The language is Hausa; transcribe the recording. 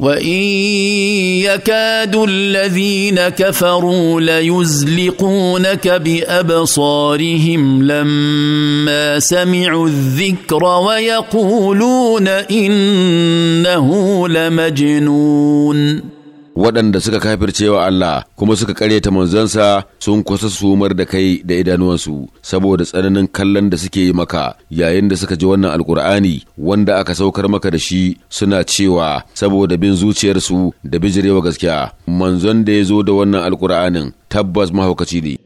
وان يكاد الذين كفروا ليزلقونك بابصارهم لما سمعوا الذكر ويقولون انه لمجنون waɗanda suka wa Allah kuma suka ƙaryata manzansa sun kusa sumar da kai da idanuwansu saboda tsananin kallon da suke yi maka yayin da suka ji wannan alkur'ani wanda aka saukar maka da shi suna cewa saboda bin zuciyarsu da bijirewa gaskiya manzon da ya zo da wannan alkur'anin tabbas mahaukaci ne